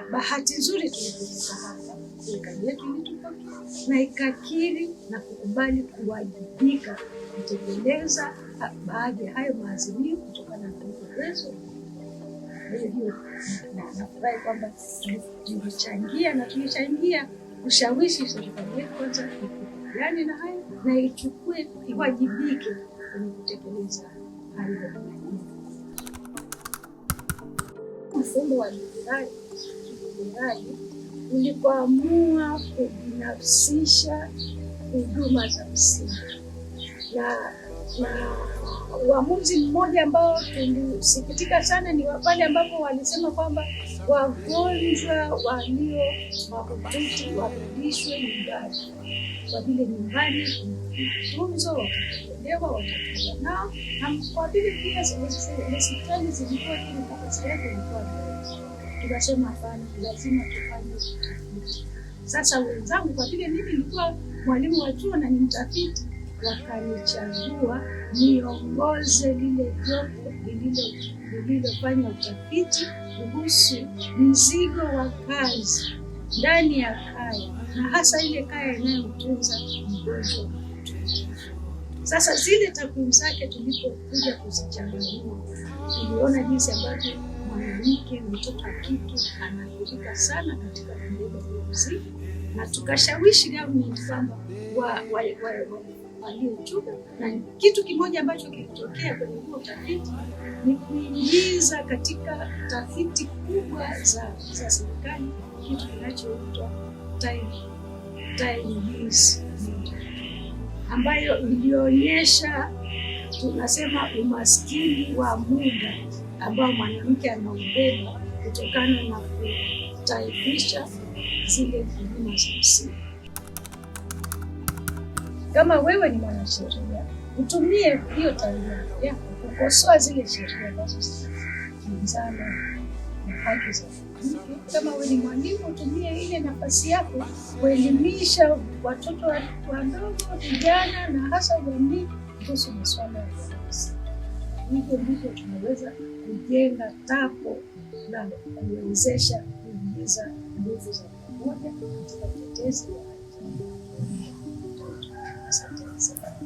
na bahati nzuri tulivuka hapa, serikali yetu ilitupokea na ikakiri na kukubali kuwajibika kutekeleza baadhi ya hayo maazimio kutokana na uwezo. Nafurahi kwamba tulichangia na tulichangia kushawishi serikali yetu kwanza ikubaliane na hayo na ichukue, iwajibike kwenye kutekeleza hayo mfumo wa jirani Julai ulipoamua kubinafsisha huduma za msingi na, na uamuzi mmoja ambao tulisikitika sana ni wapale ambapo walisema kwamba wagonjwa walio mahututi warudishwe nyumbani kwa vile nyumbani tunzo wakaelewa watakuwa nao na kwa vile pia hospitali zilikuwa ili kapasiti yake ilikuwa tukasema hapana, lazima tufanye utafiti. Sasa wenzangu, kwa vile mimi nilikuwa mwalimu wa chuo na ni mtafiti, wakanichagua niongoze lile jopo lililofanya utafiti kuhusu mzigo wa kazi ndani ya kaya na hasa ile kaya inayotunza mgonjwa Sasa zile takwimu zake tulipokuja kuzichanganua, tuliona jinsi ambavyo mwanamke mtoto wa kike anadhurika sana katika kubeba ujauzito, na tukashawishi government kwamba wa juu, na kitu kimoja ambacho kilitokea kwenye huo utafiti ni kuingiza katika tafiti kubwa za za serikali kitu kinachoitwa ambayo ilionyesha tunasema umaskini wa muda ambayo mwanamke anaubeba kutokana na kutaifisha zile huduma za msingi. Kama wewe ni mwanasheria, utumie hiyo taaluma yako kukosoa zile sheria ambazo zinakinzana na haki za Kama wewe ni mwalimu, utumie ile nafasi yako kuelimisha watoto wadogo, vijana na hasa jamii kuhusu masuala ya hivyo ndivyo tunaweza kujenga tapo na kuwezesha kuingiza nguvu za pamoja katika utetezi wa haki.